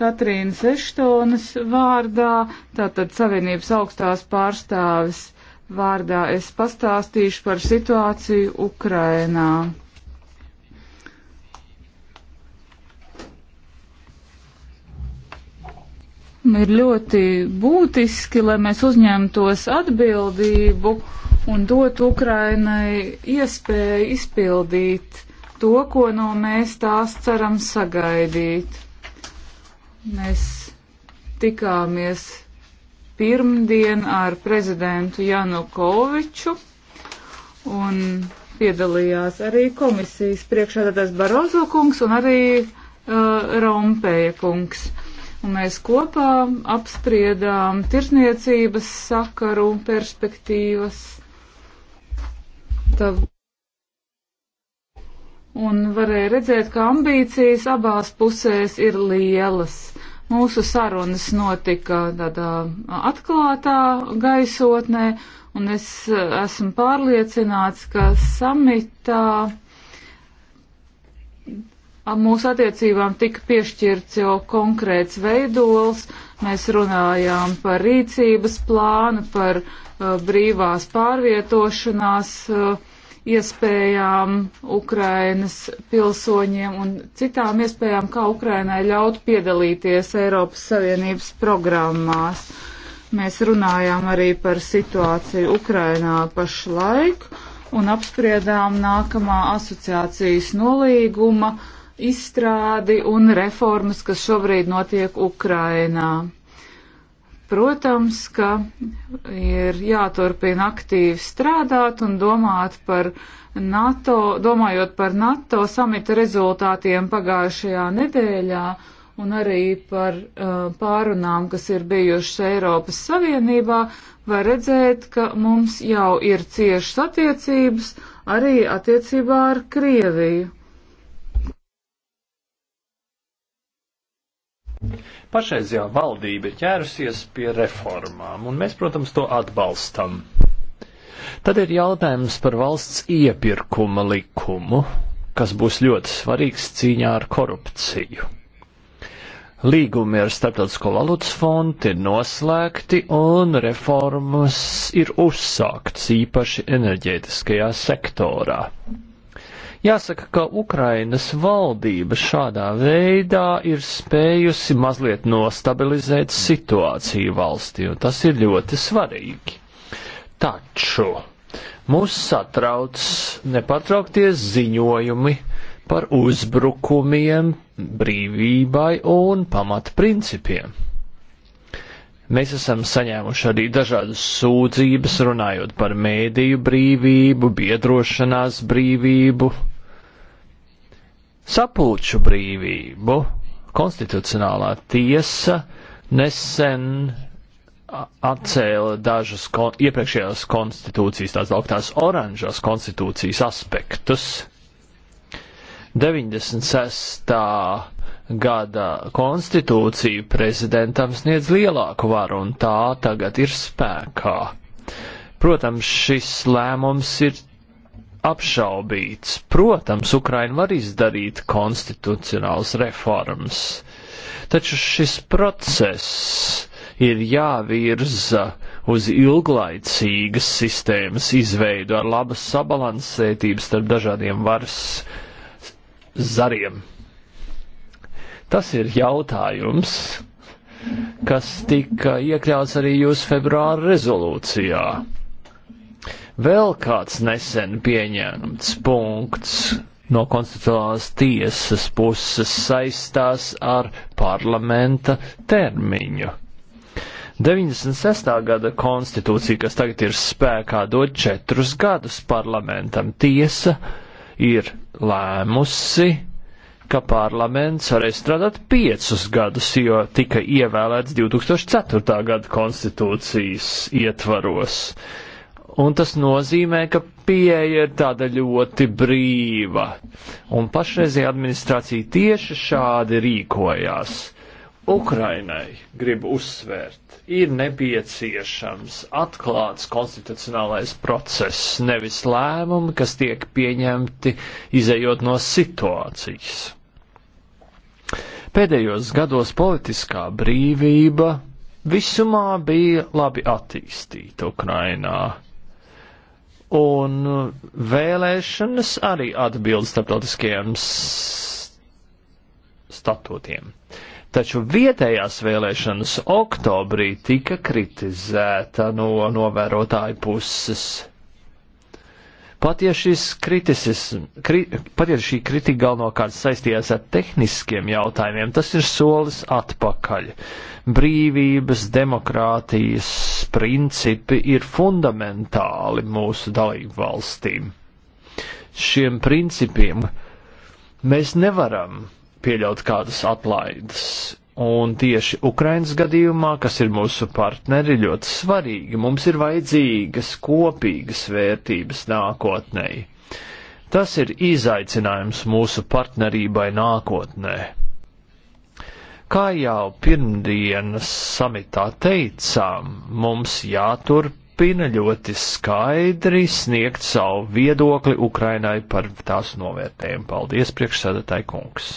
Katrīnas Eštonas vārdā, tātad Savienības augstās pārstāvis vārdā, es pastāstīšu par situāciju Ukrainā. Ir ļoti būtiski, lai mēs uzņemtos atbildību un dotu Ukrainai iespēju izpildīt to, ko no mēs tās ceram sagaidīt. Mēs tikāmies pirmdien ar prezidentu Janukoviču un piedalījās arī komisijas priekšādātājs Barozo kungs un arī uh, Rompēja kungs. Un mēs kopā apspriedām tirsniecības sakaru perspektīvas. Tav un varēja redzēt, ka ambīcijas abās pusēs ir lielas. Mūsu sarunas notika tādā atklātā gaisotnē, un es eh, esmu pārliecināts, ka samitā mūsu attiecībām tika piešķirts jau konkrēts veidols. Mēs runājām par rīcības plānu, par uh, brīvās pārvietošanās uh, iespējām Ukrainas pilsoņiem un citām iespējām, kā Ukrainai ļaut piedalīties Eiropas Savienības programmās. Mēs runājām arī par situāciju Ukrainā pašlaik un apspriedām nākamā asociācijas nolīguma izstrādi un reformas, kas šobrīd notiek Ukrainā. Protams, ka ir jāturpina aktīvi strādāt un domāt par NATO, domājot par NATO samita rezultātiem pagājušajā nedēļā un arī par uh, pārunām, kas ir bijušas Eiropas Savienībā, var redzēt, ka mums jau ir ciešas attiecības arī attiecībā ar Krieviju. Pašreizajā valdība ir ķērusies pie reformām, un mēs, protams, to atbalstam. Tad ir jautājums par valsts iepirkuma likumu, kas būs ļoti svarīgs cīņā ar korupciju. Līgumi ar Startautisko valūtas fondu ir noslēgti un reformas ir uzsāktas īpaši enerģētiskajā sektorā. Jāsaka, ka Ukrainas valdība šādā veidā ir spējusi mazliet nostabilizēt situāciju valstī, un tas ir ļoti svarīgi. Taču mūs satrauc nepatraukties ziņojumi par uzbrukumiem brīvībai un pamatprincipiem. Mēs esam saņēmuši arī dažādas sūdzības runājot par mēdīju brīvību, biedrošanās brīvību, sapulču brīvību konstitucionālā tiesa nesen atcēla dažus kon iepriekšējās konstitūcijas, tās lauktās oranžās konstitūcijas aspektus. 96. gada konstitūcija prezidentam sniedz lielāku varu, un tā tagad ir spēkā. Protams, šis lēmums ir apšaubīts. Protams, Ukraina var izdarīt konstitucionāls reformas, taču šis process ir jāvirza uz ilglaicīgas sistēmas izveidu ar labas sabalansētības starp dažādiem varas zariem. Tas ir jautājums, kas tika iekļauts arī jūsu februāra rezolūcijā Vēl kāds nesen pieņemts punkts no konstitucionālās tiesas puses saistās ar parlamenta termiņu. 96. gada konstitūcija, kas tagad ir spēkā, dod četrus gadus parlamentam. Tiesa ir lēmusi, ka parlaments varēs strādāt piecus gadus, jo tika ievēlēts 2004. gada konstitūcijas ietvaros. Un tas nozīmē, ka pieeja ir tāda ļoti brīva. Un pašreizējā administrācija tieši šādi rīkojās. Ukrainai, gribu uzsvērt, ir nepieciešams atklāts konstitucionālais process, nevis lēmumi, kas tiek pieņemti izējot no situācijas. Pēdējos gados politiskā brīvība visumā bija labi attīstīta Ukrainā Un uh, vēlēšanas arī atbilst starptautiskajiem statūtiem. Taču vietējās vēlēšanas oktobrī tika kritizēta no novērotāju puses. Pat ja, kri, pat ja šī kritika galvenokārt saistījās ar tehniskiem jautājumiem, tas ir solis atpakaļ. Brīvības, demokrātijas principi ir fundamentāli mūsu dalību valstīm. Šiem principiem mēs nevaram pieļaut kādas atlaides. Un tieši Ukrainas gadījumā, kas ir mūsu partneri, ļoti svarīgi, mums ir vajadzīgas kopīgas vērtības nākotnēji. Tas ir izaicinājums mūsu partnerībai nākotnē. Kā jau pirmdienas samitā teicām, mums jāturpina ļoti skaidri sniegt savu viedokli Ukrainai par tās novērtējumu. Paldies, priekšsēdētāji kungs!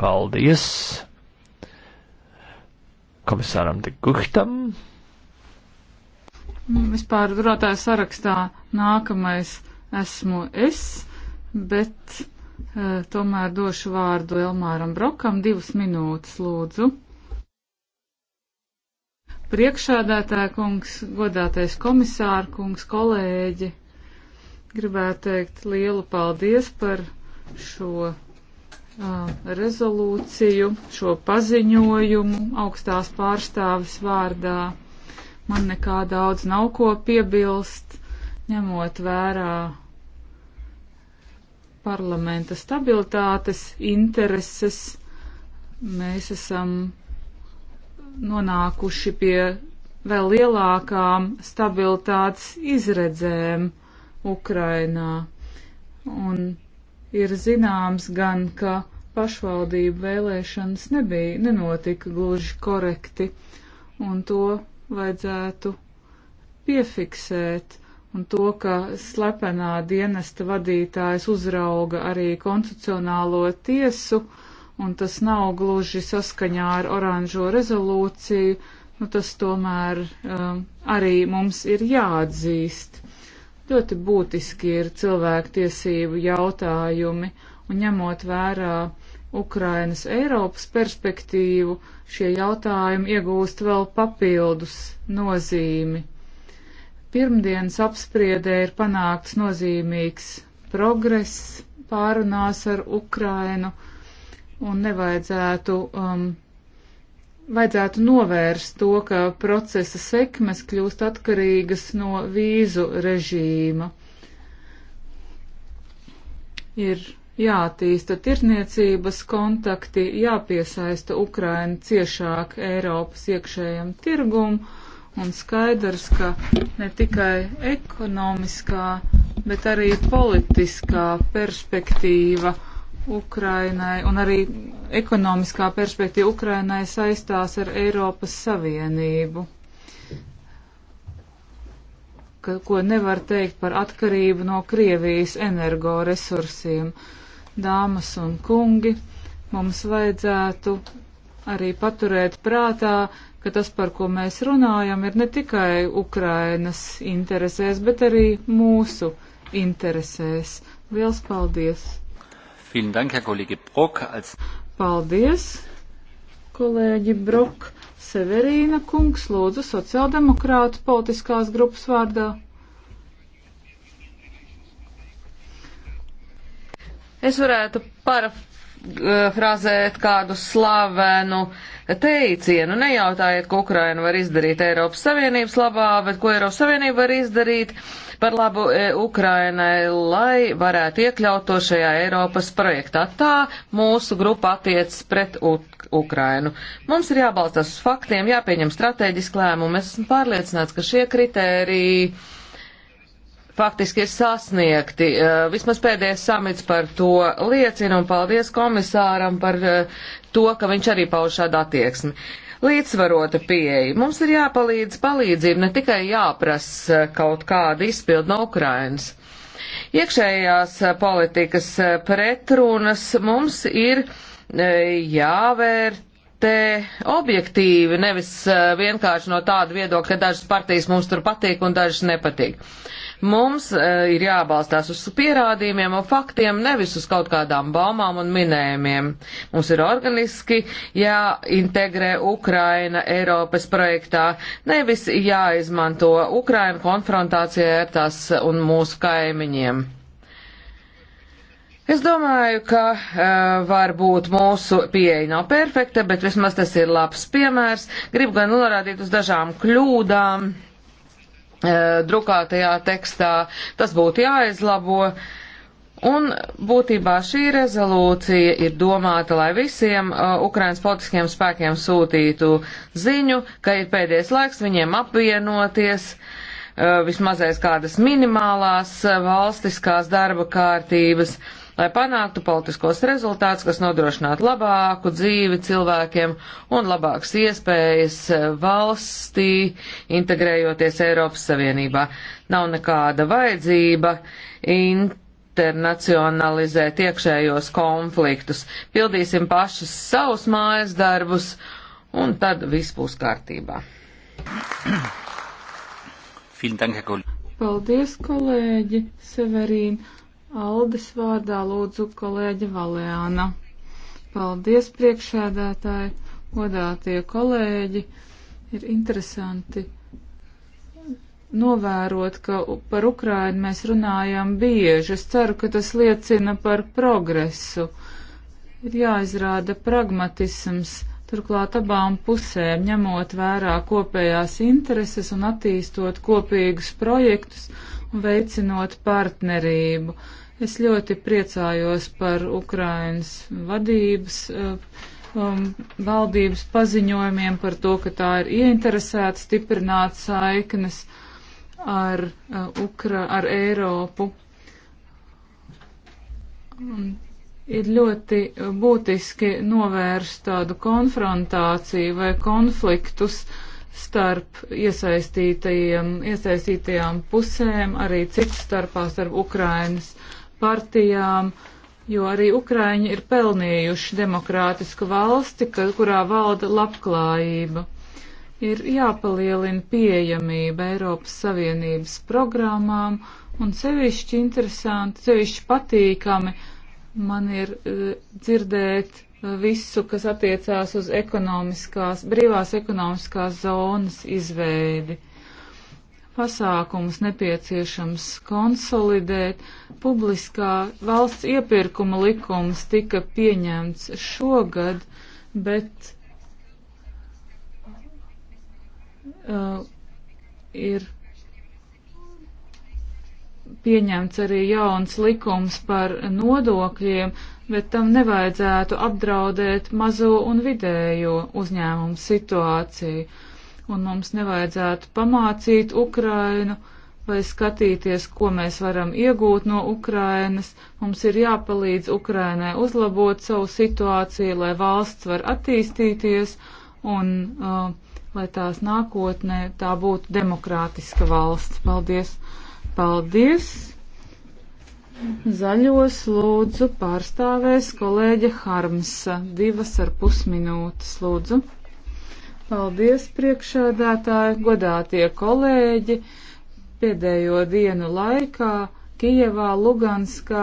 Paldies komisāram de Guhtam. Nu, vispār turētāju sarakstā nākamais esmu es, bet e, tomēr došu vārdu Elmāram Brokam divas minūtes lūdzu. Priekšādātāja kungs, godātais komisāra kungs, kolēģi, gribētu teikt lielu paldies par šo rezolūciju, šo paziņojumu augstās pārstāvis vārdā. Man nekā daudz nav ko piebilst, ņemot vērā parlamenta stabilitātes intereses. Mēs esam nonākuši pie vēl lielākām stabilitātes izredzēm Ukrainā. Un ir zināms gan, ka pašvaldību vēlēšanas nebija, nenotika gluži korekti, un to vajadzētu piefiksēt, un to, ka slepenā dienesta vadītājs uzrauga arī konstitucionālo tiesu, un tas nav gluži saskaņā ar oranžo rezolūciju, nu tas tomēr um, arī mums ir jāatzīst. Ļoti būtiski ir cilvēktiesību jautājumi, un ņemot vērā Ukrainas Eiropas perspektīvu, šie jautājumi iegūst vēl papildus nozīmi. Pirmdienas apspriedē ir panākts nozīmīgs progress pārunās ar Ukrainu, un nevajadzētu um, vajadzētu novērst to, ka procesa sekmes kļūst atkarīgas no vīzu režīma. Ir jātīsta tirniecības kontakti, jāpiesaista Ukraina ciešāk Eiropas iekšējam tirgumu un skaidrs, ka ne tikai ekonomiskā, bet arī politiskā perspektīva Ukrainai un arī ekonomiskā perspektīva Ukrainai saistās ar Eiropas Savienību, ka, ko nevar teikt par atkarību no Krievijas energoresursiem. Dāmas un kungi, mums vajadzētu arī paturēt prātā, ka tas, par ko mēs runājam, ir ne tikai Ukrainas interesēs, bet arī mūsu interesēs. Liels paldies! Paldies, kolēģi Brok. Severīna kungs lūdzu sociāldemokrātu politiskās grupas vārdā. Es varētu parafrāzēt kādu slavenu teicienu. Nejautājiet, ko Ukraina var izdarīt Eiropas Savienības labā, bet ko Eiropas Savienība var izdarīt uh, par labu e, Ukrainai, lai varētu iekļaut to šajā Eiropas projektā. Tā mūsu grupa attiec pret Ukrainu. Mums ir jābalstās uz faktiem, jāpieņem strateģiski lēmumi. Es esmu pārliecināts, ka šie kritēriji faktiski ir sasniegti. E, vismaz pēdējais samits par to liecina un paldies komisāram par e, to, ka viņš arī pauž šādu attieksmi līdzsvarota pieeja. Mums ir jāpalīdz palīdzību, ne tikai jāprasa kaut kāda izpildu no Ukrainas. Iekšējās eh, politikas eh, pretrunas mums ir eh, jāvērtē objektīvi, nevis vienkārši no tāda viedokļa, ka dažas partijas mums tur patīk un dažas nepatīk. Uh, Mums uh, ir jābalstās uz pierādījumiem un faktiem, nevis uz kaut kādām baumām un minējumiem. Mums ir organiski jāintegrē Ukraina Eiropas projektā, nevis jāizmanto Ukraina konfrontācijā ar tās un mūsu kaimiņiem. Es domāju, ka uh, varbūt mūsu pieeja nav perfekta, bet vismaz tas ir labs piemērs. Gribu gan norādīt uz dažām kļūdām. Uh, E, drukātajā tekstā. Tas būtu jāizlabo. Un būtībā šī rezolūcija ir domāta, lai visiem uh, Ukrainas politiskiem spēkiem sūtītu ziņu, ka ir pēdējais laiks viņiem apvienoties, uh, vismazais kādas minimālās uh, valstiskās darba kārtības. Uh, lai panāktu politiskos rezultātus, kas nodrošinātu labāku dzīvi cilvēkiem un labākas iespējas valstī, integrējoties Eiropas Savienībā. Nav nekāda vajadzība internacionalizēt iekšējos konfliktus. Pildīsim pašas savus mājas darbus, un tad viss būs kārtībā. Vielen Dank, Herr Kollege. Paldies, kolēģi Severīna. Aldes vārdā lūdzu kolēģi Valēna. Paldies priekšēdētāji, godātie kolēģi. Ir interesanti novērot, ka par Ukrainu mēs runājam bieži. Es ceru, ka tas liecina par progresu. Ir jāizrāda pragmatisms, turklāt abām pusēm ņemot vērā kopējās intereses un attīstot kopīgus projektus un veicinot partnerību Es ļoti priecājos par Ukrainas vadības, eh, um, valdības paziņojumiem par to, ka tā ir ieinteresēta stiprināt saiknes ar, uh, Ukra, ar Eiropu. Un ir ļoti būtiski novērst tādu konfrontāciju vai konfliktus starp iesaistītajiem, iesaistītajām pusēm, arī citu starpā starp Ukrainas partijām, jo arī Ukraiņi ir pelnījuši demokrātisku valsti, ka, kurā valda labklājība. Ir jāpalielina pieejamība Eiropas Savienības programmām, un sevišķi interesanti, sevišķi patīkami man ir uh, dzirdēt e, visu, kas attiecās uz ekonomiskās, brīvās ekonomiskās zonas izveidi pasākumus nepieciešams konsolidēt. Publiskā valsts iepirkuma likums tika pieņemts šogad, bet uh, ir pieņemts arī jauns likums par nodokļiem, bet tam nevajadzētu apdraudēt mazo un vidējo uzņēmumu situāciju. Uh, un mums nevajadzētu pamācīt Ukrainu vai skatīties, ko mēs varam iegūt no Ukrainas. Mums ir jāpalīdz Ukrainai uzlabot savu situāciju, lai valsts var attīstīties un uh, lai tās nākotnē tā būtu demokrātiska valsts. Paldies! Paldies! Zaļos lūdzu pārstāvēs kolēģe Harmsa. Divas ar pusminūtes lūdzu. Paldies, priekšādātāji, godātie kolēģi. Pēdējo dienu laikā Kijevā, Luganskā,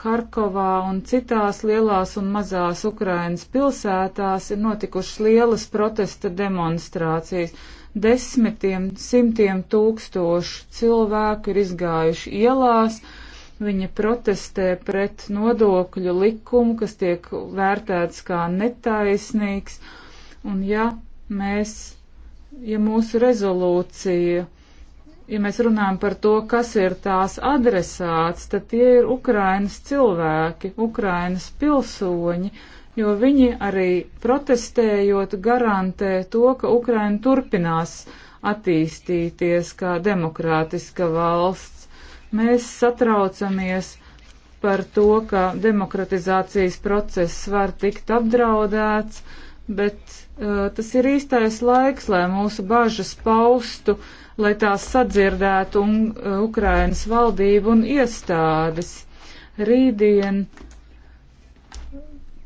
Harkovā un citās lielās un mazās Ukrainas pilsētās ir notikušas lielas protesta demonstrācijas. Desmitiem, simtiem tūkstošu cilvēku ir izgājuši ielās. Viņi protestē pret nodokļu likumu, kas tiek vērtēts kā netaisnīgs. Un ja mēs, ja mūsu rezolūcija, ja mēs runājam par to, kas ir tās adresāts, tad tie ir Ukrainas cilvēki, Ukrainas pilsoņi, jo viņi arī protestējot garantē to, ka Ukraina turpinās attīstīties kā demokrātiska valsts. Mēs satraucamies par to, ka demokratizācijas process var tikt apdraudēts, bet Eh, tas ir īstais laiks, lai mūsu bažas paustu, lai tās sadzirdētu un, eh, Ukrainas valdību un iestādes. Rītdien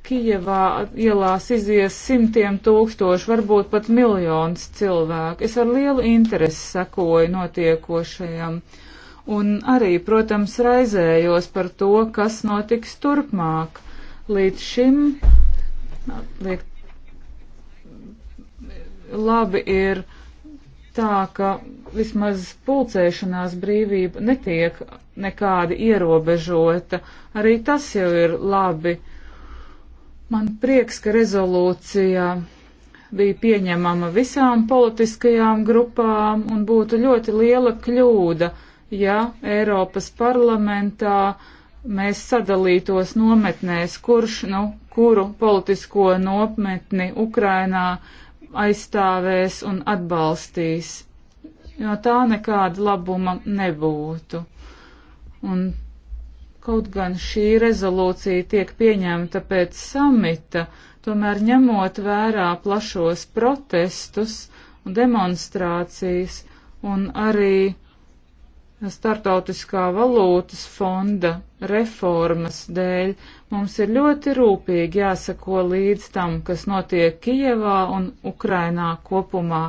Kijevā ielās izies simtiem tūkstoši, varbūt pat miljonus cilvēku. Es ar lielu interesi sekoju notiekošajam un arī, protams, raizējos par to, kas notiks turpmāk. Līdz šim, liek labi ir tā, ka vismaz pulcēšanās brīvība netiek nekādi ierobežota. Arī tas jau ir labi. Man prieks, ka rezolūcija bija pieņemama visām politiskajām grupām un būtu ļoti liela kļūda, ja Eiropas parlamentā mēs sadalītos nometnēs, kurš, nu, kuru politisko nometni Ukrainā uh, aizstāvēs un atbalstīs, jo tā nekāda labuma nebūtu. Un kaut gan šī rezolūcija tiek pieņemta pēc samita, tomēr ņemot vērā plašos protestus un demonstrācijas un arī startautiskā valūtas fonda reformas dēļ mums ir ļoti rūpīgi jāsako līdz tam, kas notiek Kijevā un Ukrainā kopumā.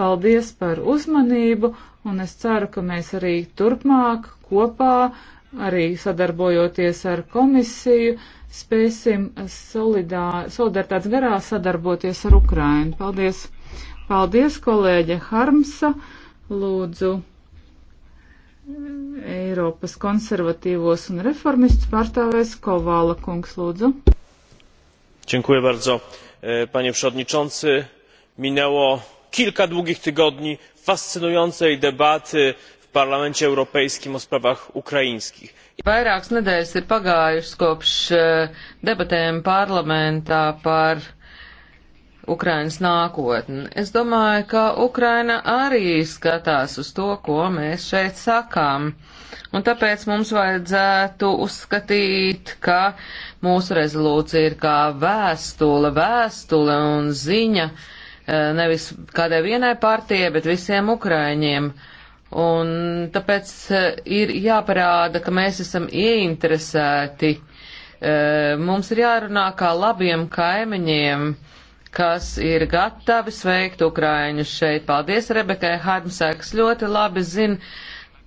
Paldies par uzmanību un es ceru, ka mēs arī turpmāk kopā, arī sadarbojoties ar komisiju, spēsim solidā, solidaritātes garā sadarboties ar Ukrainu. Paldies! Paldies, kolēģe Harmsa! Lūdzu! Eiropas konservatīvos un reformistus pārstāvēs Kovāla kungs, lūdzu. Dziękuję bardzo, e, panie przewodniczący. Minęło kilka długich tygodni fascynującej debaty w Parlamencie Europejskim o sprawach ukraińskich. Vairākas nedēļas ir pagājušas kopš e, debatēm parlamentā par Ukrainas nākotni. Es domāju, ka Ukraina arī skatās uz to, ko mēs šeit sakām. Un tāpēc mums vajadzētu uzskatīt, ka mūsu rezolūcija ir kā vēstule, vēstule un ziņa eh, nevis kādai vienai partijai, bet visiem Ukraiņiem. Un tāpēc eh, ir jāparāda, ka mēs esam ieinteresēti. Eh, mums ir jārunā kā labiem kaimiņiem kas ir gatavi sveikt Ukraiņus šeit. Paldies Rebekai Harmsēks, ļoti labi zina,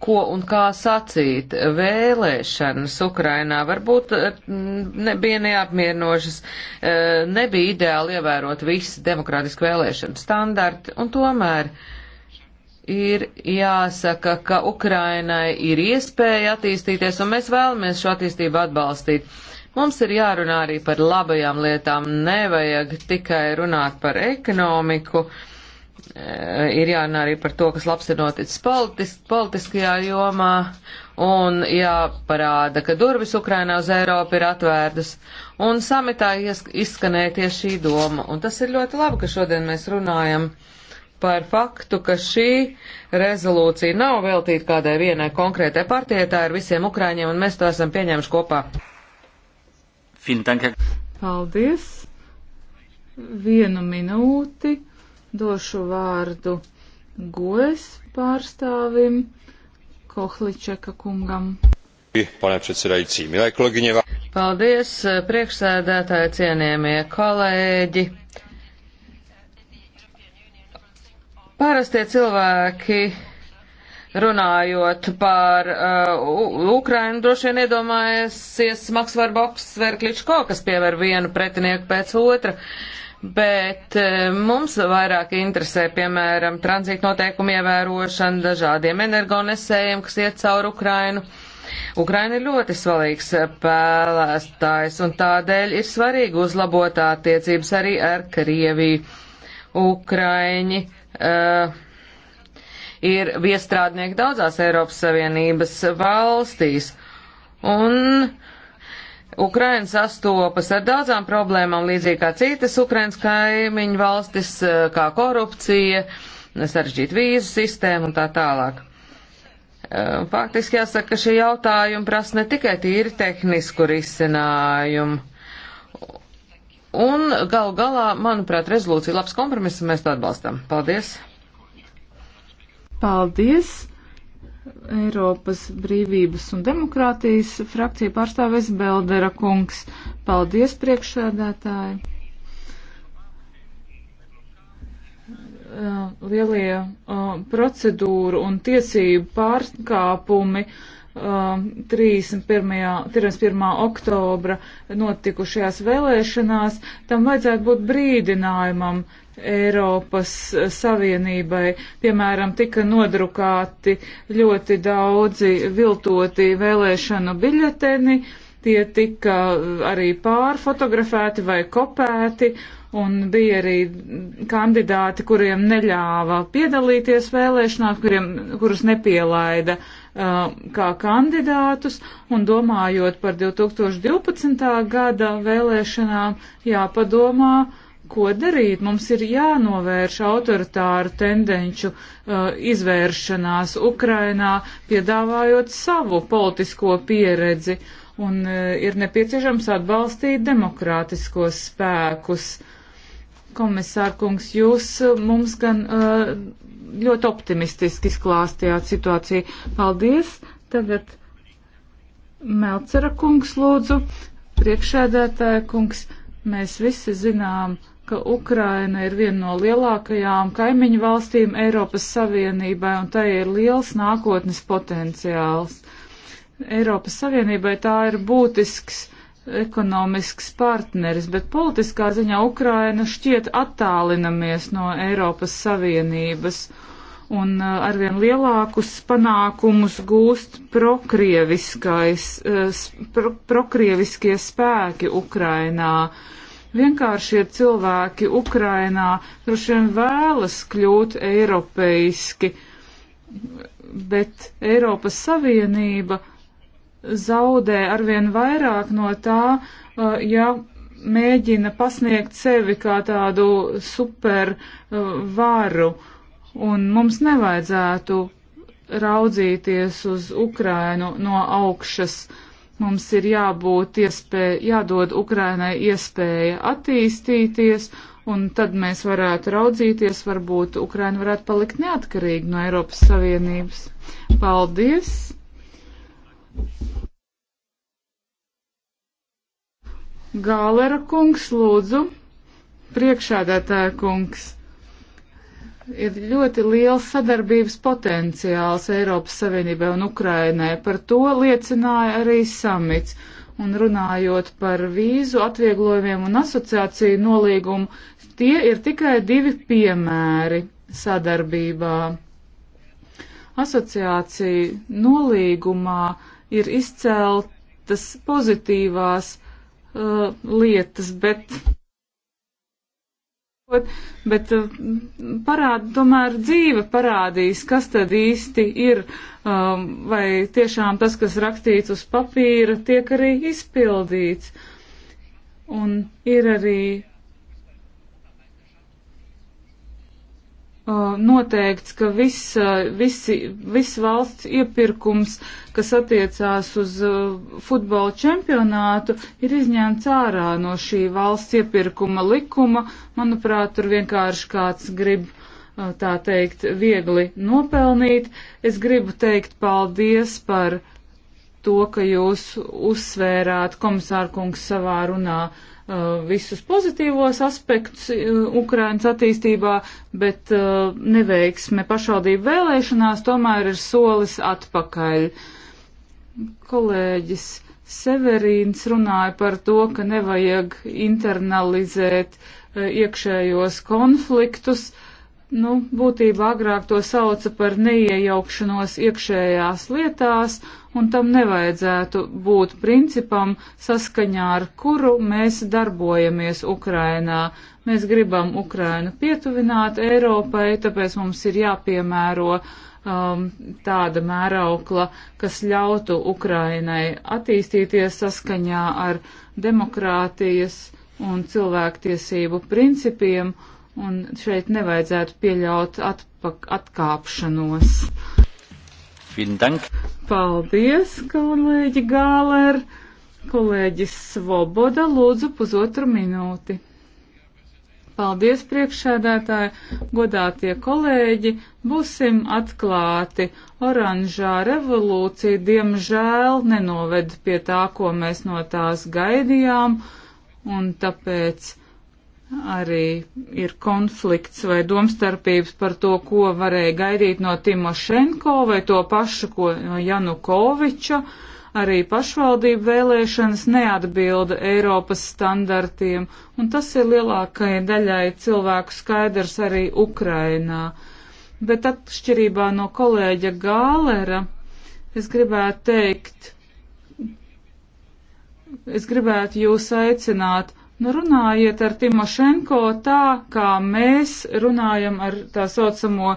ko un kā sacīt. Vēlēšanas Ukrainā varbūt eh, ne, bija neapmierinošas, eh, nebija ideāli ievērot visas demokrātisku vēlēšanu standarti, un tomēr ir jāsaka, ka Ukrainai ir iespēja attīstīties, un mēs vēlamies šo attīstību atbalstīt. Mums ir jārunā arī par labajām lietām, nevajag tikai runāt par ekonomiku, e, ir jārunā arī par to, kas labs ir noticis politis, politiskajā jomā, un jāparāda, ka durvis Ukrainā uz Eiropu ir atvērtas, un samitā izskanēja tieši šī doma, un tas ir ļoti labi, ka šodien mēs runājam par faktu, ka šī rezolūcija nav veltīta kādai vienai konkrētai partijai, tā ir visiem Ukrāņiem, un mēs to esam pieņēmuši kopā. Paldies! Vienu minūti došu vārdu gojas pārstāvim Kohličeka kungam. Pane předsedající, milé kolegyně. Paldies, priekšsēdētāji, cienījamie kolēģi. Parastie cilvēki Runājot par uh, Ukrainu, droši vien iedomājasies Maks Varboks Verkličko, kas piever vienu pretinieku pēc otra. Bet uh, mums vairāk interesē, piemēram, tranzīta noteikumu ievērošana dažādiem energonesējiem, kas iet cauri Ukrainu. Ukraina ir ļoti svarīgs spēlētājs, un tādēļ ir svarīgi uzlabot attiecības arī ar Krieviju. Ukraiņi uh, ir viestrādnieki daudzās Eiropas Savienības valstīs. Un Ukraina sastopas ar daudzām problēmām, līdzīgi kā citas Ukrainas kaimiņu valstis, kā korupcija, sarežģīta vīzu sistēma un tā tālāk. Faktiski jāsaka, ka šie jautājumi prasa ne tikai tīri tehnisku risinājumu. Un gal galā, manuprāt, rezolūcija labs kompromiss, un mēs to atbalstam. Paldies! Paldies! Eiropas brīvības un demokrātijas frakcija pārstāvēs Beldera kungs. Paldies, priekšsēdētāji! Lielie uh, procedūru un tiesību pārkāpumi uh, 31. Um, 31. oktobra notikušajās vēlēšanās, tam vajadzētu būt brīdinājumam Eiropas uh, Savienībai. Piemēram, tika nodrukāti ļoti daudzi viltoti vēlēšanu biļeteni, tie tika uh, arī pārfotografēti vai kopēti. Un bija arī kandidāti, kuriem neļāva piedalīties vēlēšanās, kuriem, kurus nepielaida uh, kā kandidātus un domājot par 2012. gada vēlēšanām, jāpadomā, ko darīt. Mums ir jānovērš autoritāru tendenču uh, izvēršanās Ukrainā, piedāvājot savu politisko pieredzi, un uh, ir nepieciešams atbalstīt demokrātiskos spēkus. Uh, Komisārkungs, jūs uh, mums gan uh, ļoti optimistiski izklāstījāt situāciju. Paldies! Tagad Melcera kungs lūdzu, priekšēdētāja kungs. Mēs visi zinām, ka Ukraina ir viena no lielākajām kaimiņu valstīm Eiropas Savienībai, un tai ir liels nākotnes potenciāls. Eiropas Savienībai tā ir būtisks ekonomisks partneris, bet politiskā ziņā Ukraina šķiet attālinamies no Eiropas Savienības un uh, arvien lielākus panākumus gūst prokrieviskais, uh, pro, prokrieviskie spēki Ukrainā. Vienkāršie cilvēki Ukrainā droši vien vēlas kļūt eiropeiski, bet Eiropas Savienība zaudē arvien vairāk no tā, uh, ja mēģina pasniegt sevi kā tādu super uh, varu. Un mums nevajadzētu raudzīties uz Ukrainu no augšas. Mums ir jābūt iespēja, jādod Ukrainai iespēja attīstīties, un tad mēs varētu raudzīties, varbūt Ukraina varētu palikt neatkarīga no Eiropas Savienības. Paldies! Gālera kungs, lūdzu, priekšādātāja kungs. Ir ļoti liels sadarbības potenciāls Eiropas Savienībai un Ukrainai. Par to liecināja arī samits. Un runājot par vīzu atvieglojumiem un asociāciju nolīgumu, tie ir tikai divi piemēri sadarbībā. Asociācija nolīgumā ir izceltas pozitīvās uh, lietas, bet, bet uh, parāda, tomēr dzīve parādīs, kas tad īsti ir, um, vai tiešām tas, kas rakstīts uz papīra, tiek arī izpildīts. Un ir arī Uh, noteikts, ka viss, uh, visi, viss valsts iepirkums, kas attiecās uz uh, futbola čempionātu, ir izņemts ārā no šī valsts iepirkuma likuma. Manuprāt, tur vienkārši kāds grib tā teikt viegli nopelnīt. Es gribu teikt paldies par to, ka jūs uzsvērāt komisārkungs savā runā Uh, visus pozitīvos aspektus uh, Ukrainas attīstībā, bet uh, neveiksme pašvaldību vēlēšanās tomēr ir solis atpakaļ. Kolēģis Severīns runāja par to, ka nevajag internalizēt iekšējos konfliktus, uh, nu, būtībā agrāk to sauca par neiejaukšanos iekšējās lietās, un tam nevajadzētu būt principam, saskaņā ar kuru mēs darbojamies Ukrainā. Mēs gribam Ukrainu pietuvināt Eiropai, tāpēc mums ir jāpiemēro um, tāda mēraukla, kas ļautu Ukrainai attīstīties saskaņā ar demokrātijas un cilvēktiesību principiem un šeit nevajadzētu pieļaut atpak, atkāpšanos. Findank. Paldies, kolēģi Gāler. Kolēģis Svoboda, lūdzu, pusotru minūti. Paldies, priekšsēdētāji, godātie kolēģi, būsim atklāti. Oranžā revolūcija, diemžēl, nenoved pie tā, ko mēs no tās gaidījām, un tāpēc arī ir konflikts vai domstarpības par to, ko varēja gaidīt no Timošenko vai to pašu, ko no Janukoviča. Arī pašvaldību vēlēšanas neatbilda Eiropas standartiem, un tas ir lielākajai daļai cilvēku skaidrs arī Ukrainā. Bet atšķirībā no kolēģa Gālera, es gribētu teikt, es gribētu jūs aicināt Nu, runājiet ar Timošenko tā, kā mēs runājam ar tā saucamo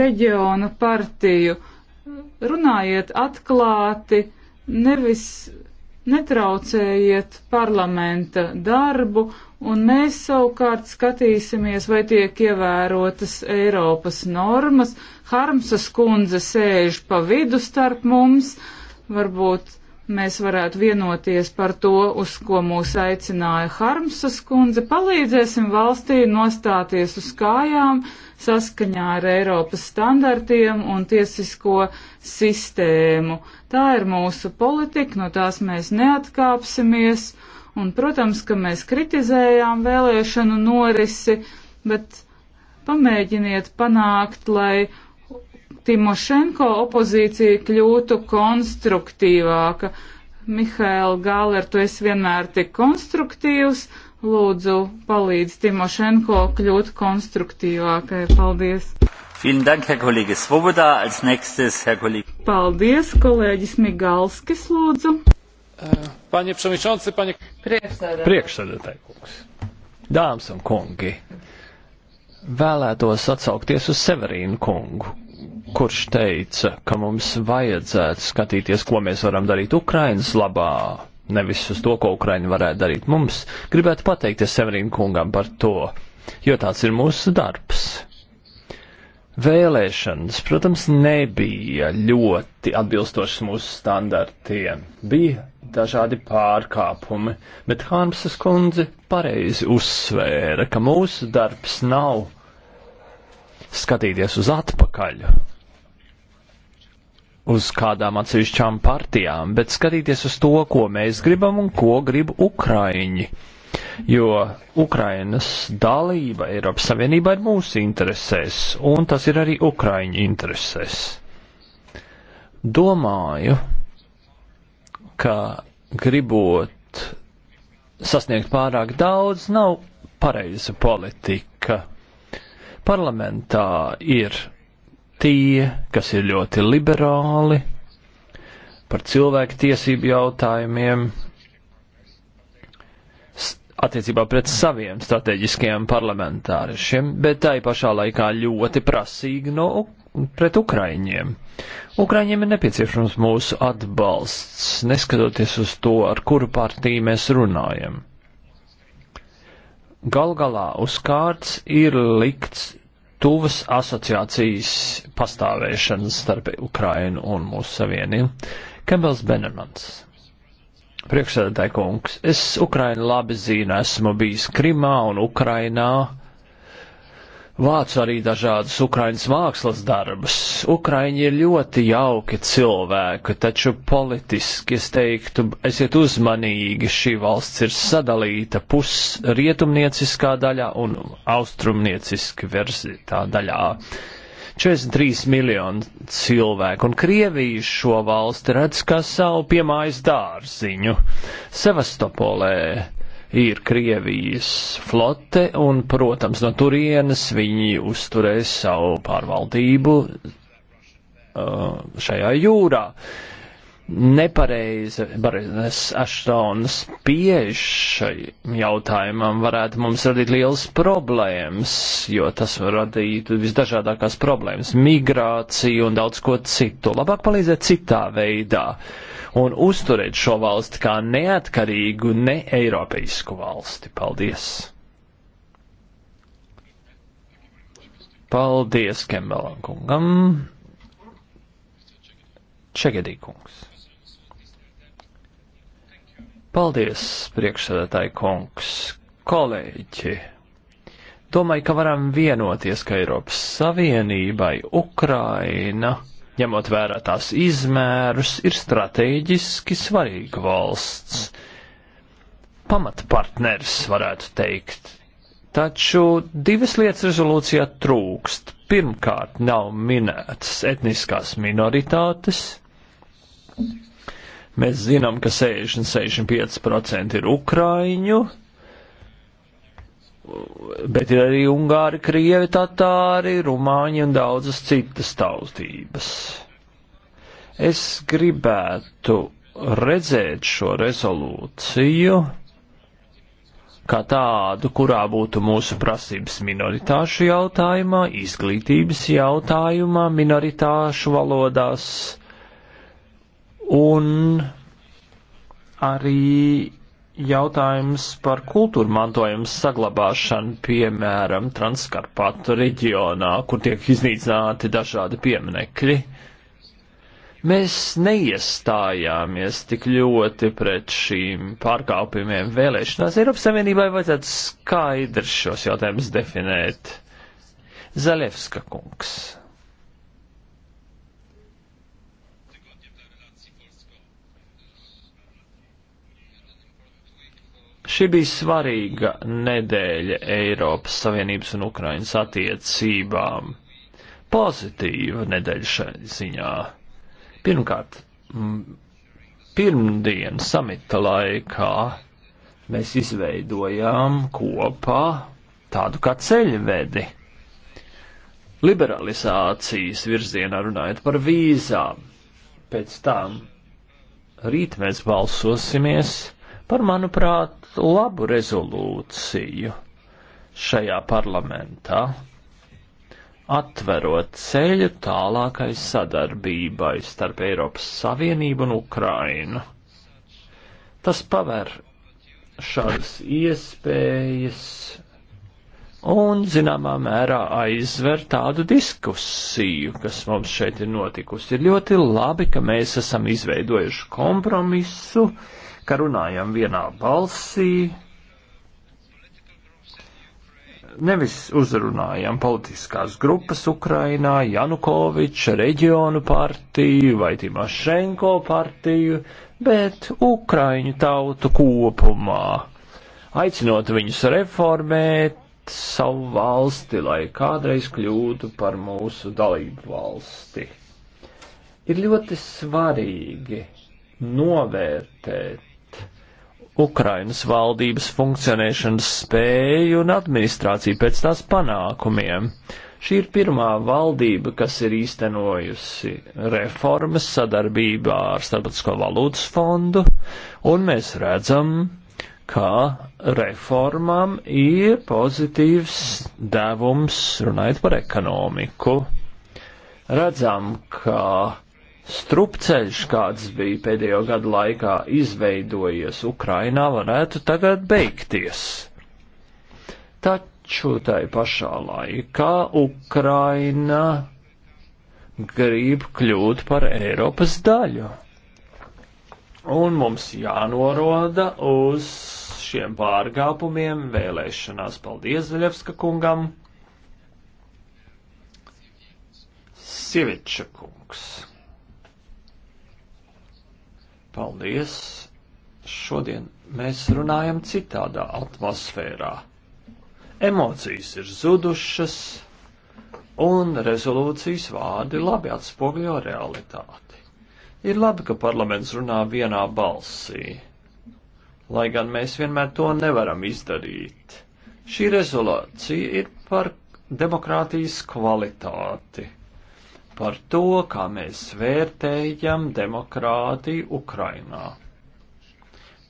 reģionu partiju. Runājiet atklāti, nevis netraucējiet parlamenta darbu, un mēs savukārt skatīsimies, vai tiek ievērotas Eiropas normas. Harmsas kundze sēž pa vidu starp mums, varbūt mēs varētu vienoties par to, uz ko mūs aicināja Harmsas kundze. Palīdzēsim valstī nostāties uz kājām saskaņā ar Eiropas standartiem un tiesisko sistēmu. Tā ir mūsu politika, no tās mēs neatkāpsimies. Un, protams, ka mēs kritizējām vēlēšanu norisi, bet pamēģiniet panākt, lai Timošenko opozīcija kļūtu konstruktīvāka. Mihail Gāler, tu esi vienmēr tik konstruktīvs. Lūdzu, palīdz Timošenko kļūt konstruktīvākai. Paldies! Dank, Svoboda, als nächstes, Paldies, kolēģis Migalskis, lūdzu. Eh, panie Przewodniczący, panie Priekšsēdētāji, kungs. Dāmas un kungi, vēlētos atsaukties uz Severīnu kungu, kurš teica, ka mums vajadzētu skatīties, ko mēs varam darīt Ukrainas labā, nevis uz to, ko Ukraina varētu darīt mums, gribētu pateikties Severīnu kungam par to, jo tāds ir mūsu darbs. Vēlēšanas, protams, nebija ļoti atbilstošas mūsu standartiem. Bija dažādi pārkāpumi, bet Hārmsas kundze pareizi uzsvēra, ka mūsu darbs nav skatīties uz atpakaļ uz kādām atsevišķām partijām, bet skatīties uz to, ko mēs gribam un ko grib Ukraiņi. Jo Ukrainas dalība Eiropas Savienībā ir mūsu interesēs, un tas ir arī Ukraiņu interesēs. Domāju, ka gribot sasniegt pārāk daudz, nav pareiza politika. Parlamentā ir tie, kas ir ļoti liberāli par cilvēku tiesību jautājumiem, attiecībā pret saviem strateģiskajiem parlamentāriešiem, bet tai pašā laikā ļoti prasīgi no, pret Ukraiņiem. Ukraiņiem ir nepieciešams mūsu atbalsts, neskatoties uz to, ar kuru partiju mēs runājam. Gal galā uz kārts ir likts tuvas asociācijas pastāvēšanas starp Ukrainu un mūsu savienību. Kembels Benemans. Priekšsēdētāji kungs, es Ukrainu labi zinu, esmu bijis Krimā un Ukrainā vāc arī dažādas Ukraiņas mākslas darbus. Ukraiņi ir ļoti jauki cilvēki, taču politiski es teiktu, esiet uzmanīgi, šī valsts ir sadalīta pus rietumnieciskā daļā un austrumnieciski verzitā daļā. 43 miljoni cilvēku, un Krievija šo valsti redz kā savu piemājas dārziņu. Sevastopolē ir Krievijas flote, un, protams, no turienes viņi uzturēs savu pārvaldību uh, šajā jūrā. Uh, nepareiza Baronas Aštonas pieeja šai jautājumam varētu mums radīt liels problēmas, jo tas radītu visdažādākās problēmas - migrāciju un daudz ko citu. Labāk palīdzēt citā veidā un uzturēt šo valsti kā neatkarīgu, ne eiropeisku valsti. Paldies! Paldies Kembelam kungam! Čegedī kungs. Paldies, priekšsēdētāji kungs, kolēģi! Domāju, ka varam vienoties, ka Eiropas Savienībai Ukraina ņemot vērā tās izmērus, ir strateģiski svarīga valsts. Pamatpartners, varētu teikt. Taču divas lietas rezolūcijā trūkst. Pirmkārt, nav minētas etniskās minoritātes, Mēs zinām, ka 60-65% ir ukraiņu, bet ir arī ungāri, krievi, tatāri, rumāņi un daudzas citas tautības. Es gribētu redzēt šo rezolūciju kā tādu, kurā būtu mūsu prasības minoritāšu jautājumā, izglītības jautājumā, minoritāšu valodās Un arī jautājums par kultūra mantojumu saglabāšanu, piemēram, Transkarpatu reģionā, kur tiek iznīcināti dažādi pieminekļi. Mēs neiestājāmies tik ļoti pret šīm pārkāpumiem vēlēšanās. Eiropas Savienībai vajadzētu skaidri šos jautājumus definēt. Zaļevska kungs. Šī bija svarīga nedēļa Eiropas Savienības un Ukrainas attiecībām. Pozitīva nedēļa šai ziņā. Pirmkārt, pirmdien samita laikā mēs izveidojām kopā tādu kā ceļvedi. Liberalizācijas virzienā runājot par vīzām. Pēc tam rīt mēs balsosimies par, manuprāt, labu rezolūciju šajā parlamentā, atverot ceļu tālākai sadarbībai starp Eiropas Savienību un Ukrainu. Tas paver šādas iespējas un, zināmā mērā, aizver tādu diskusiju, kas mums šeit ir notikusi. Ir ļoti labi, ka mēs esam izveidojuši kompromisu, uh, ka runājam vienā balsī, nevis uzrunājam politiskās grupas Ukrainā, Janukoviča reģionu partiju vai Timošenko partiju, bet Ukraiņu tautu kopumā, aicinot viņus reformēt savu valsti, lai kādreiz kļūtu par mūsu dalību valsti. Ir ļoti svarīgi novērtēt Ukrainas valdības funkcionēšanas spēju un administrāciju pēc tās panākumiem. Šī ir pirmā valdība, kas ir īstenojusi reformas sadarbībā ar Starptautisko valūtas fondu, un mēs redzam, ka reformām ir pozitīvs devums runājot par ekonomiku. Redzam, ka strupceļš, kāds bija pēdējo gadu laikā izveidojies Ukrainā, varētu tagad beigties. Taču tai pašā laikā Ukraina grib kļūt par Eiropas daļu. Un mums jānoroda uz šiem pārkāpumiem vēlēšanās. Paldies Zaļevska kungam! Sieviča kungs. Paldies! Šodien mēs runājam citādā atmosfērā. Emocijas ir zudušas, un rezolūcijas vārdi labi atspogļo realitāti. Ir labi, ka parlaments runā vienā balsī, lai gan mēs vienmēr to nevaram izdarīt. Šī rezolūcija ir par demokrātijas kvalitāti par to, kā mēs vērtējam demokrātiju Ukrainā.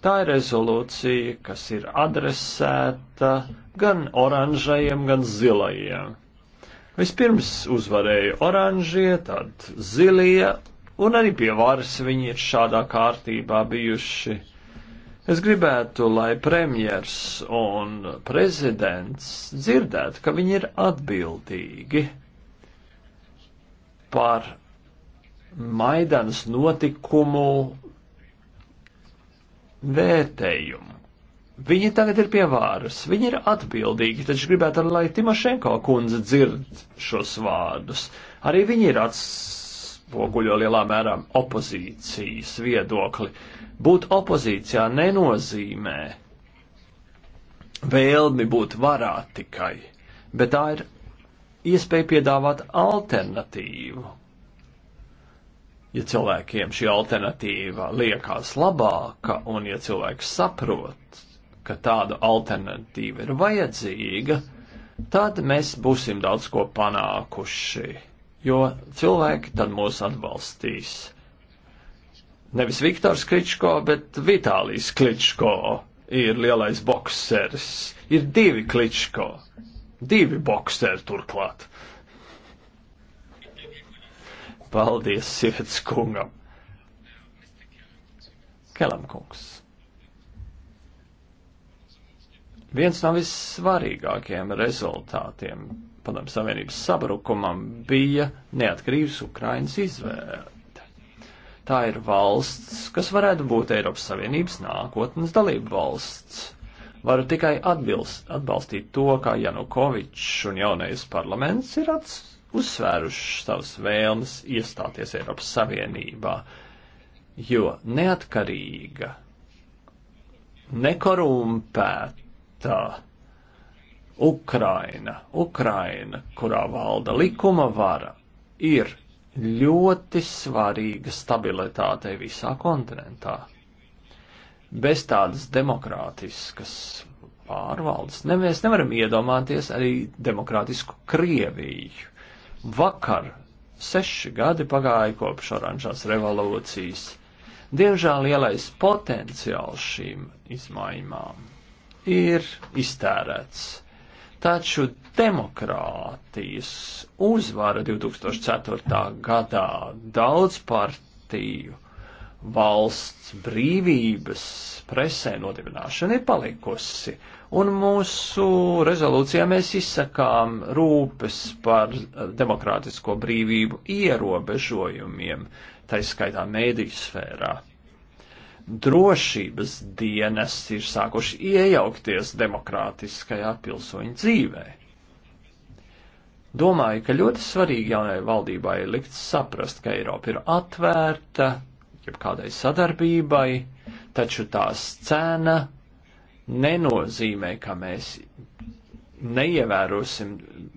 Tā ir rezolūcija, kas ir adresēta gan oranžajiem, gan zilajiem. Vispirms uzvarēja oranžie, tad zilie, un arī pie varas viņi ir šādā kārtībā bijuši. Es gribētu, lai premjers un prezidents dzirdētu, ka viņi ir atbildīgi par Maidanas notikumu vērtējumu. Viņi tagad ir pie vāras, viņi ir atbildīgi, taču gribētu, lai Timošenko kundze dzird šos vārdus. Arī viņi ir atspoguļo lielā mērā opozīcijas viedokli. Būt opozīcijā nenozīmē vēlmi būt varā tikai, bet tā ir iespēju piedāvāt alternatīvu. Ja cilvēkiem šī alternatīva liekas labāka, un ja cilvēks saprot, ka tāda alternatīva ir vajadzīga, tad mēs būsim daudz ko panākuši, jo cilvēki tad mūs atbalstīs. Nevis Viktors Kličko, bet Vitālijs Kličko ir lielais bokseris. Ir divi Kličko. Divi bokseri turklāt. Paldies sirds kungam. Kelam kungs. Viens no vissvarīgākajiem rezultātiem padomu savienības sabrukumam bija neatkarības Ukrainas izvēle. Tā ir valsts, kas varētu būt Eiropas Savienības nākotnes dalība valsts. Varu tikai atbilst, atbalstīt to, kā Janukovičs un jaunais parlaments ir uzsvēruši savas vēlmes iestāties Eiropas Savienībā, jo neatkarīga, nekorumpēta Ukraina, Ukraina, kurā valda likuma vara, ir ļoti svarīga stabilitātei visā kontinentā bez tādas demokrātiskas pārvaldes. Ne, mēs nevaram iedomāties arī demokrātisku Krieviju. Vakar seši gadi pagāja kopš oranžās revolūcijas. Diemžēl lielais potenciāls šīm izmaiņām ir iztērēts. Taču demokrātijas uzvara 2004. gadā daudz partiju valsts brīvības presē nodibināšana ir palikusi, un mūsu rezolūcijā mēs izsakām rūpes par eh, demokrātisko brīvību ierobežojumiem, taiskaitā mēdīju sfērā. Drošības dienas ir sākuši iejaukties demokrātiskajā pilsoņu dzīvē. Domāju, ka ļoti svarīgi jaunai valdībai likt saprast, ka Eiropa ir atvērta, jebkādai sadarbībai, taču tās cena nenozīmē, ka mēs neievērosim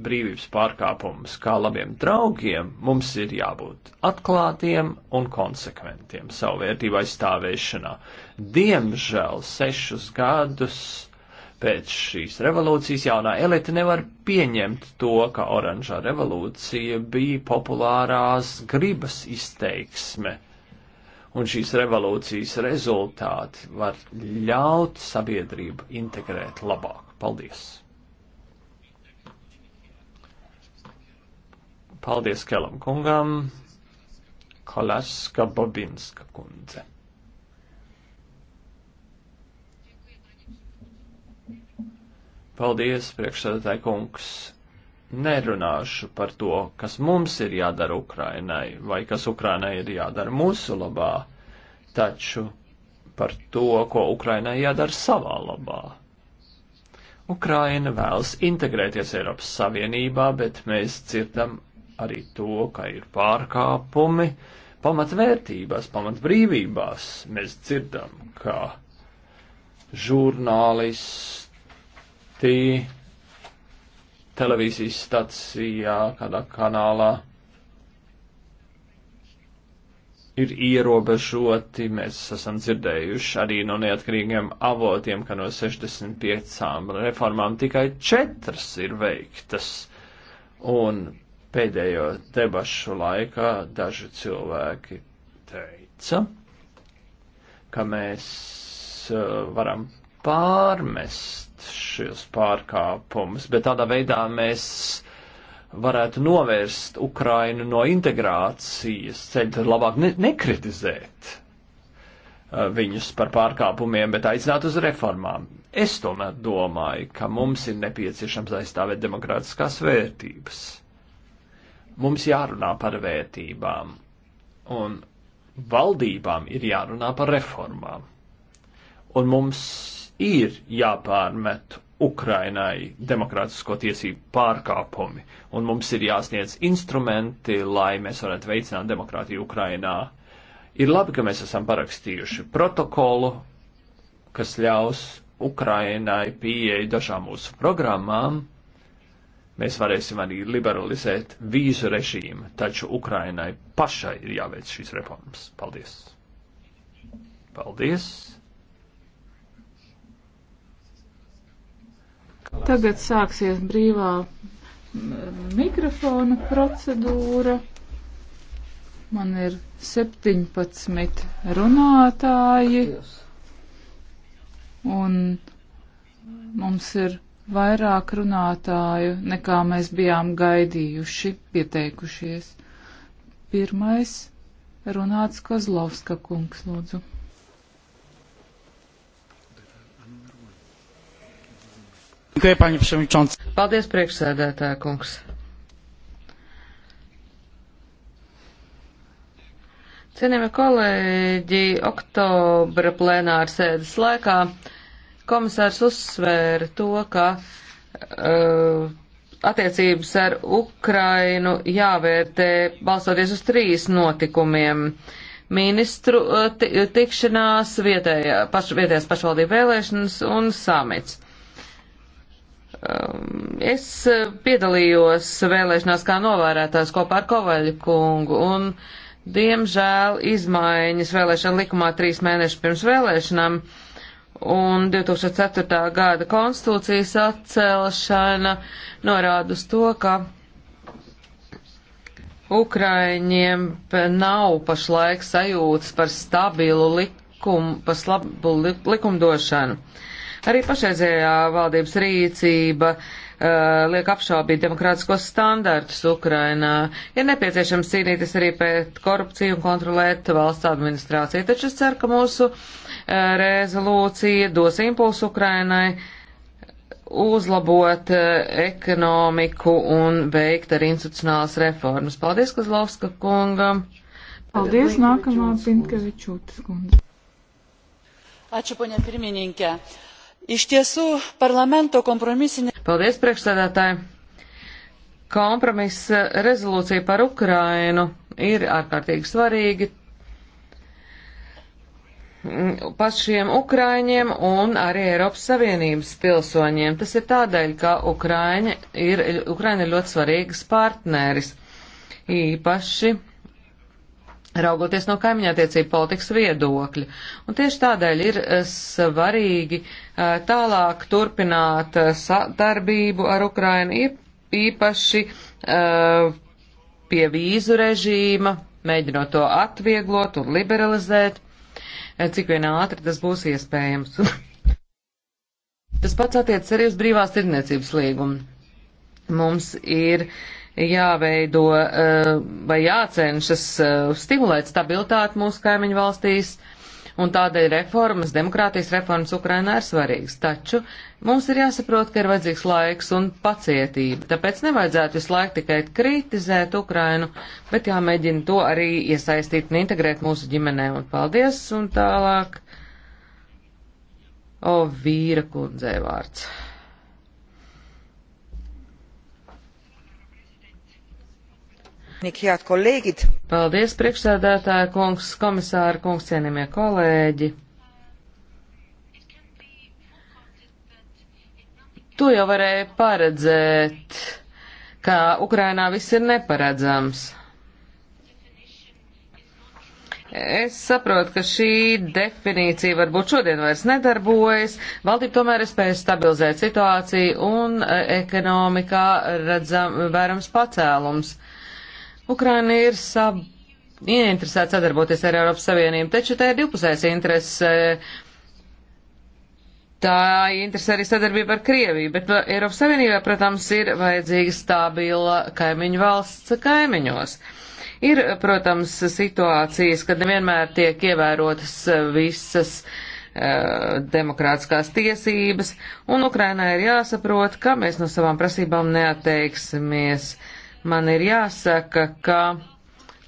brīvības pārkāpumus kā labiem draugiem, mums ir jābūt atklātiem un konsekventiem savu vērtību aizstāvēšanā. Diemžēl sešus gadus pēc šīs revolūcijas jaunā elite nevar pieņemt to, ka oranžā revolūcija bija populārās gribas izteiksme un šīs revolūcijas rezultāti var ļaut sabiedrību integrēt labāk. Paldies! Paldies Kelam kungam, Kolaska Bobinska kundze. Paldies, priekšsēdētāji kungs nerunāšu par to, kas mums ir jādara Ukrainai vai kas Ukrainai ir jādara mūsu labā, taču par to, ko Ukrainai jādara savā labā. Ukraina vēlas integrēties Eiropas Savienībā, bet mēs dzirdam arī to, ka ir pārkāpumi pamatvērtībās, pamatbrīvībās. Mēs dzirdam, ka žurnālisti televīzijas stacijā, kādā kanālā ir ierobežoti. Mēs esam dzirdējuši arī no neatkarīgiem avotiem, ka no 65 reformām tikai 4 ir veiktas. Un pēdējo debašu laikā daži cilvēki teica, ka mēs eh, varam pārmest šos pārkāpumus, bet tādā veidā mēs varētu novērst Ukrainu no integrācijas ceļa, labāk ne nekritizēt uh, viņus par pārkāpumiem, bet aicināt uz reformām. Es tomēr domāju, ka mums ir nepieciešams aizstāvēt demokrātiskās vērtības. Mums jārunā par vērtībām, un valdībām ir jārunā par reformām. Un mums ir jāpārmet Ukrainai demokrātisko tiesību pārkāpumi, un mums ir jāsniedz instrumenti, lai mēs varētu veicināt demokrātiju Ukrainā. Ir labi, ka mēs esam parakstījuši protokolu, kas ļaus Ukrainai pieeja dažām mūsu programmām. Mēs varēsim arī liberalizēt vīzu režīmu, taču Ukrainai pašai ir jāveic šīs reformas. Paldies! Paldies! Tagad sāksies brīvā mikrofona procedūra. Man ir 17 runātāji, un mums ir vairāk runātāju, nekā mēs bijām gaidījuši, pieteikušies. Pirmais runāts Kozlovska kungs, lūdzu. Paldies, priekšsēdētāja kungs. Cienījamie kolēģi, oktobra plenāra sēdes laikā komisārs uzsvēra to, ka uh, attiecības ar Ukrainu jāvērtē balstoties uz trīs notikumiem - ministru uh, tikšanās, vietējā, paš, vietējās pašvaldību vēlēšanas un samits. Um, es eh, piedalījos vēlēšanās kā novērētājs kopā ar Kovaļu kungu un, diemžēl, izmaiņas vēlēšana likumā trīs mēneši pirms vēlēšanām un 2004. gada konstitūcijas atcelšana norāda uz to, ka Ukraiņiem nav pašlaik sajūtas par stabilu likumu, par slabu likumdošanu. Uh, Arī pašreizējā valdības rīcība uh, liek apšaubīt demokrātiskos standartus Ukrainā. Ir nepieciešams cīnīties arī pret korupciju un kontrolēt valsts administrāciju, taču es ceru, ka mūsu uh, rezolūcija dos impulsu Ukrainai uzlabot eh, ekonomiku un veikt arī institucionālas reformas. Paldies, Kazlovska kungam! Paldies, nākamā Pinkevičūtas kundze. Ačiū, ponia pirmininkė. Iš tiesų, parlamento kompromisinė. Paldies, priekšsēdētāji! Kompromisa rezolūcija par Ukrainu ir ārkārtīgi svarīgi pašiem Ukraiņiem un arī Eiropas Savienības pilsoņiem. Tas ir tādēļ, ka Ukraiņa ir, Ukraina ir ļoti svarīgs partneris, īpaši raugoties no kaimiņattiecību politikas viedokļa. Un tieši tādēļ ir eh, svarīgi eh, tālāk turpināt eh, sadarbību ar Ukrainu, īpaši pie vīzu režīma, mēģinot to atvieglot un liberalizēt, cik vien ātri tas būs iespējams. tas pats attiecas arī uz brīvās tirdzniecības līgumu. Mums ir uh, jāveido eh, vai jācenšas eh, stimulēt stabilitāti mūsu kaimiņu valstīs, un tādēļ reformas, demokrātijas reformas Ukrainā ir svarīgas. Taču mums ir jāsaprot, ka ir vajadzīgs laiks un pacietība, tāpēc nevajadzētu visu laiku tikai kritizēt Ukrainu, bet jāmēģina to arī iesaistīt un integrēt mūsu ģimenē. Un paldies, un tālāk. O, vīra kundzei vārds. Head kolēģid! Paldies, priekšsēdētāja kungs, komisāra kungs, cienījamie kolēģi! To jau varēja paredzēt, ka Ukrainā viss ir neparedzams. Es saprotu, ka šī definīcija varbūt šodien vairs nedarbojas. Valdība tomēr ir spējusi stabilizēt situāciju un e, ekonomikā redzam, vērams pacēlums. Uh, Ukraina ir sab... ieinteresēta sadarboties ar Eiropas Savienību, taču tā ir divpusējs interese. Tā interesē arī sadarbība ar Krieviju, bet uh, Eiropas Savienībā, protams, ir vajadzīga stabila kaimiņu valsts kaimiņos. Ir, uh, protams, situācijas, kad nevienmēr tiek ievērotas uh, visas uh, demokrātiskās tiesības, un Ukrainai ir jāsaprot, ka mēs no savām prasībām neatteiksimies. Uh, man ir jāsaka, ka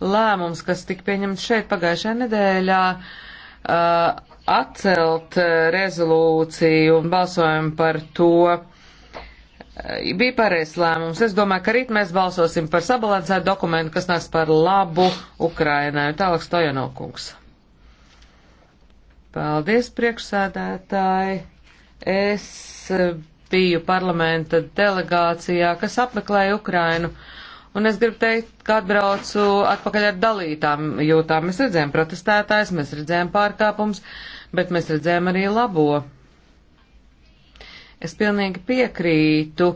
lēmums, kas tika pieņemts šeit pagājušajā nedēļā, uh, atcelt uh, rezolūciju un balsojumu par to, uh, bija pareizs lēmums. Es domāju, ka rīt mēs balsosim par sabalansētu dokumentu, kas nāks par labu Ukrainai. Tālāk Stojanokungs. Paldies, priekšsēdētāji. Es biju parlamenta delegācijā, kas apmeklēja Ukrainu. Uh, Un es gribu teikt, ka atbraucu atpakaļ ar dalītām jūtām. Mēs redzējām protestētājs, mēs redzējām pārkāpums, bet mēs redzējām arī labo. Es pilnīgi piekrītu,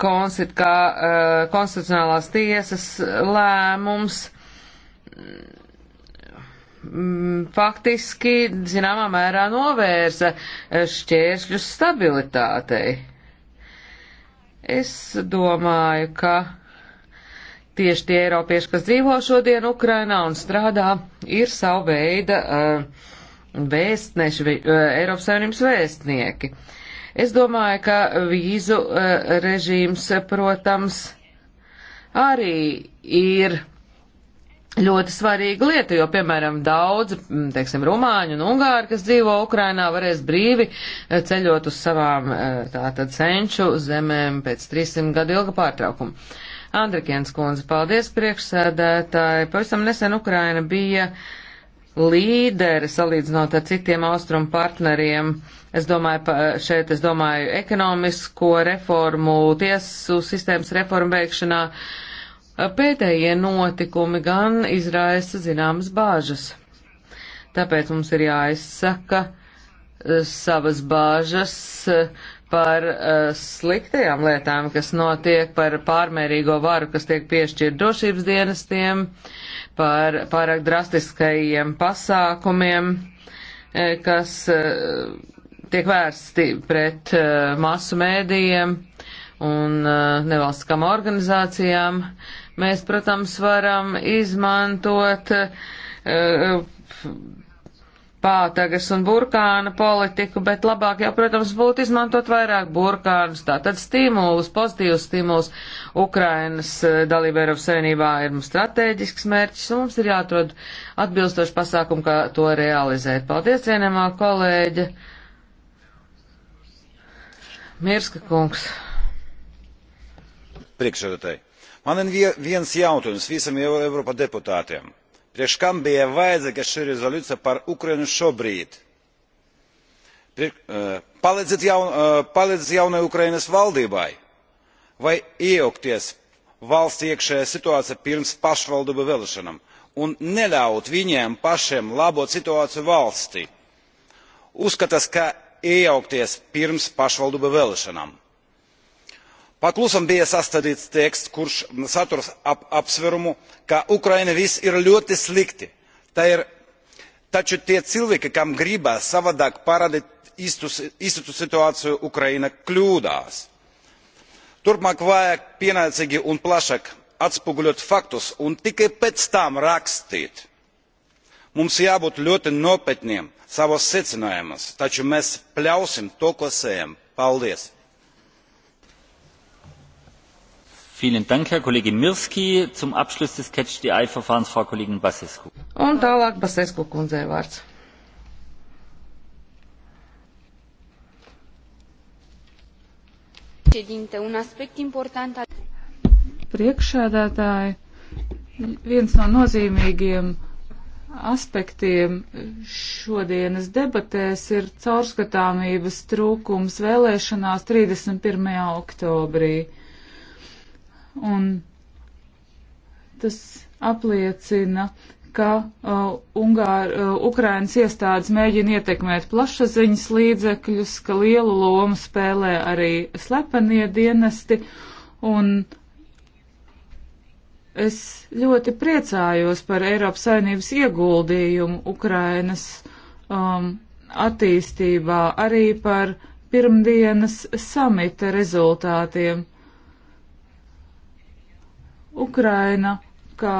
konstit, ka uh, eh, konstitucionālās tiesas lēmums mm, faktiski, zināmā mērā, novērsa šķēršļus stabilitātei. Es domāju, ka Tieši tie Eiropieši, kas dzīvo šodien Ukrainā un strādā, ir savu veidu uh, vēstneši, uh, Eiropas Savienības vēstnieki. Es domāju, ka vīzu uh, režīms, protams, arī ir ļoti svarīga lieta, jo, piemēram, daudz, teiksim, rumāņu un ungāri, kas dzīvo Ukrainā, varēs brīvi ceļot uz savām tātad senču zemēm pēc 300 gadu ilga pārtraukuma. Andrikienas kundze, paldies priekšsēdētāji. Pavisam nesen Ukraina bija līderi salīdzinot ar citiem austrumu partneriem. Es domāju, šeit es domāju ekonomisko reformu, tiesu sistēmas reformu veikšanā. Pēdējie notikumi gan izraisa zināmas bāžas. Tāpēc mums ir jāizsaka eh, savas bāžas par uh, sliktajām lietām, kas notiek, par pārmērīgo varu, kas tiek piešķirt drošības dienestiem, par pārāk drastiskajiem pasākumiem, eh, kas uh, tiek vērsti pret uh, masu mēdījiem un uh, nevalstiskām organizācijām. Mēs, protams, varam izmantot uh, pātagas un burkāna politiku, bet labāk jau, protams, būtu izmantot vairāk burkānus. Tātad stimulus, pozitīvus stimulus Ukrainas eh, dalība Eiropas Savienībā ir mums strateģisks mērķis, un mums ir jāatrod atbilstoši pasākumu, kā to realizēt. Paldies, vienamā kolēģa Mirska kungs. Priekšsēdētāji, man ir viens jautājums visam Eiropa deputātiem Priekš kam bija vajadzīga šī rezolūcija par Ukrainu šobrīd? Priek, palīdzēt, jaun, e, palīdzēt jaunai Ukrainas valdībai vai iejaukties valsts iekšējā situācijā pirms pašvaldību vēlēšanām un neļaut viņiem pašiem labot situāciju valstī. Uzskatās, ka iejaukties pirms pašvaldību vēlēšanām Paklusam bija sastādīts teksts, kurš saturs ap, apsverumu, ka Ukraina viss ir ļoti slikti. Tā ir, taču tie cilvēki, kam gribas savādāk parādīt īstu, īstu situāciju, Ukraina kļūdās. Turpmāk vajag pienācīgi un plašāk atspoguļot faktus un tikai pēc tam rakstīt. Mums jābūt ļoti nopietniem savos secinājumus, taču mēs pļausim to, ko sējam. Paldies! Dank, Zum Abschluss des Catch the Eye Verfahrens Frau Kollegin Basescu. Un tālāk Basescu kundzei vārds. Un aspekt important al... Priekšsēdētāji, viens no nozīmīgiem aspektiem šodienas debatēs ir caurskatāmības trūkums vēlēšanās 31. oktobrī un tas apliecina, ka uh, Ungāra, uh, Ukrainas iestādes mēģina ietekmēt plašsaziņas līdzekļus, ka lielu lomu spēlē arī slepenie dienesti, un es ļoti priecājos par Eiropas Savienības ieguldījumu Ukrainas um, attīstībā, arī par pirmdienas samita rezultātiem. Ukraina kā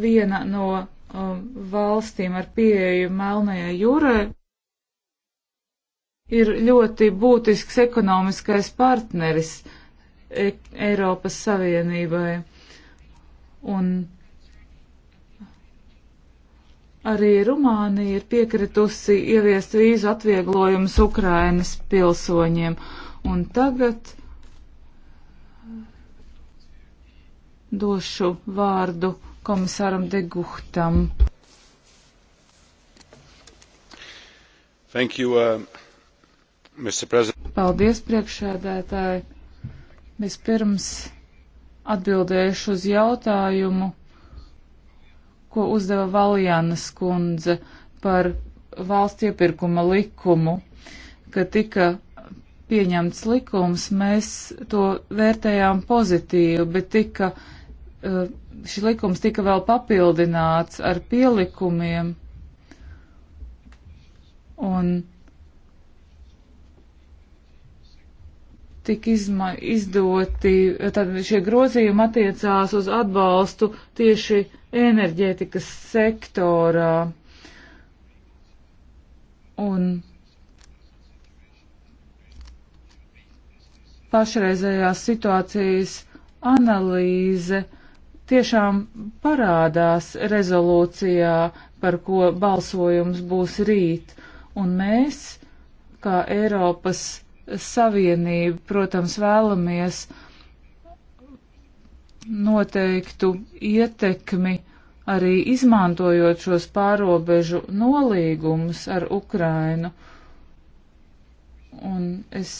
viena no um, valstīm ar pieeju Melnajai jūrai ir ļoti būtisks ekonomiskais partneris e Eiropas Savienībai. Un arī Rumānija ir piekritusi ieviest vīzu atvieglojumus Ukrainas pilsoņiem. Un tagad došu vārdu komisāram Deguhtam. Thank you, uh, Mr. President. Paldies, priekšsēdētāji. Vispirms atbildējuši uz jautājumu, ko uzdeva Valjanas kundze par valsts iepirkuma likumu, ka tika pieņemts likums, mēs to vērtējām pozitīvi, bet tika Eh, šis likums tika vēl papildināts ar pielikumiem. Un tika izma, izdoti, tad šie grozījumi attiecās uz atbalstu tieši enerģētikas sektorā. Un pašreizējās situācijas analīze uh, tiešām parādās rezolūcijā, par ko balsojums būs rīt, un mēs, kā Eiropas Savienība, protams, vēlamies noteiktu ietekmi arī izmantojot šos pārobežu nolīgumus ar Ukrainu. Un es